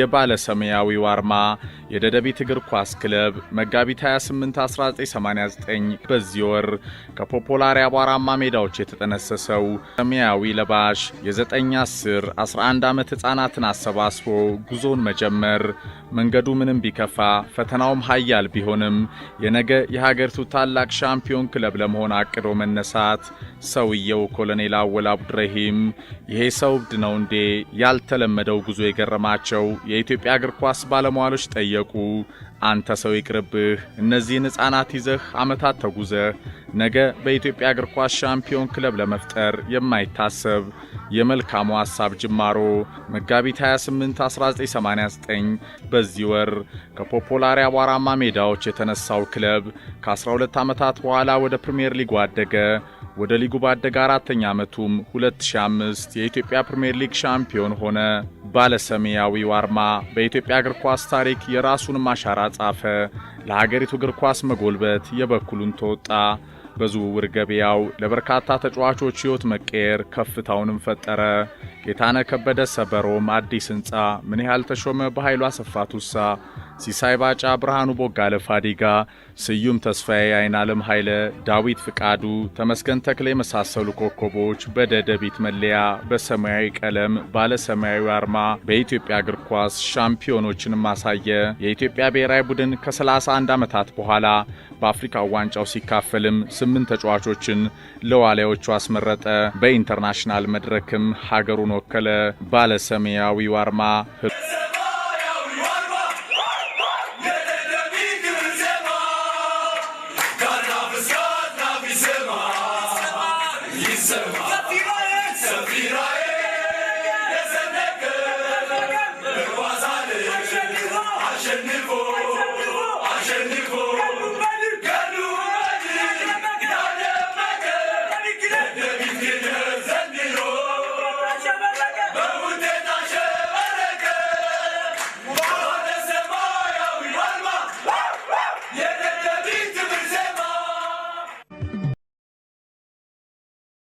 የባለ ሰማያዊው አርማ የደደቢት እግር ኳስ ክለብ መጋቢት 28 1989 በዚህ ወር ከፖፖላሪ አቧራማ ሜዳዎች የተጠነሰሰው ሰማያዊ ለባሽ የ9 10 11 ዓመት ሕፃናትን አሰባስቦ ጉዞን መጀመር መንገዱ ምንም ቢከፋ ፈተናውም ሀያል ቢሆንም የነገ የሀገሪቱ ታላቅ ሻምፒዮን ክለብ ለመሆን አቅዶ መነሳት ሰውየው ኮሎኔል አወል አብዱረሂም ይሄ ሰው እብድ ነው እንዴ ያልተለመደው ጉዞ የገረማቸው የኢትዮጵያ እግር ኳስ ባለሟሎች ጠየቁ። ሲደቁ አንተ ሰው ይቅርብህ፣ እነዚህን ሕፃናት ይዘህ ዓመታት ተጉዘህ ነገ በኢትዮጵያ እግር ኳስ ሻምፒዮን ክለብ ለመፍጠር የማይታሰብ የመልካሙ ሐሳብ ጅማሮ መጋቢት 28 1989 በዚህ ወር ከፖፖላሪ አቧራማ ሜዳዎች የተነሳው ክለብ ከ12 ዓመታት በኋላ ወደ ፕሪምየር ሊጉ አደገ። ወደ ሊጉ ባደገ አራተኛ ዓመቱም 2005 የኢትዮጵያ ፕሪምየር ሊግ ሻምፒዮን ሆነ። ባለሰማያዊው አርማ በኢትዮጵያ እግር ኳስ ታሪክ የራሱን ማሻራ ጻፈ። ለሀገሪቱ እግር ኳስ መጎልበት የበኩሉን ተወጣ። በዝውውር ገበያው ለበርካታ ተጫዋቾች ሕይወት መቀየር ከፍታውንም ፈጠረ። ጌታነ ከበደ ሰበሮም አዲስ ህንፃ ምን ያህል ተሾመ በኃይሉ አሰፋ ቱሳ ሲሳይ ባጫ፣ ብርሃኑ ቦጋለ፣ ፋዲጋ ስዩም ተስፋዬ፣ አይናለም ኃይለ፣ ዳዊት ፍቃዱ፣ ተመስገን ተክሌ የመሳሰሉ ኮከቦች በደደቢት መለያ በሰማያዊ ቀለም ባለ ሰማያዊ አርማ በኢትዮጵያ እግር ኳስ ሻምፒዮኖችን ማሳየ። የኢትዮጵያ ብሔራዊ ቡድን ከ31 ዓመታት በኋላ በአፍሪካ ዋንጫው ሲካፈልም ስምንት ተጫዋቾችን ለዋሊያዎቹ አስመረጠ። በኢንተርናሽናል መድረክም ሀገሩን ወከለ። ባለ ሰማያዊው አርማ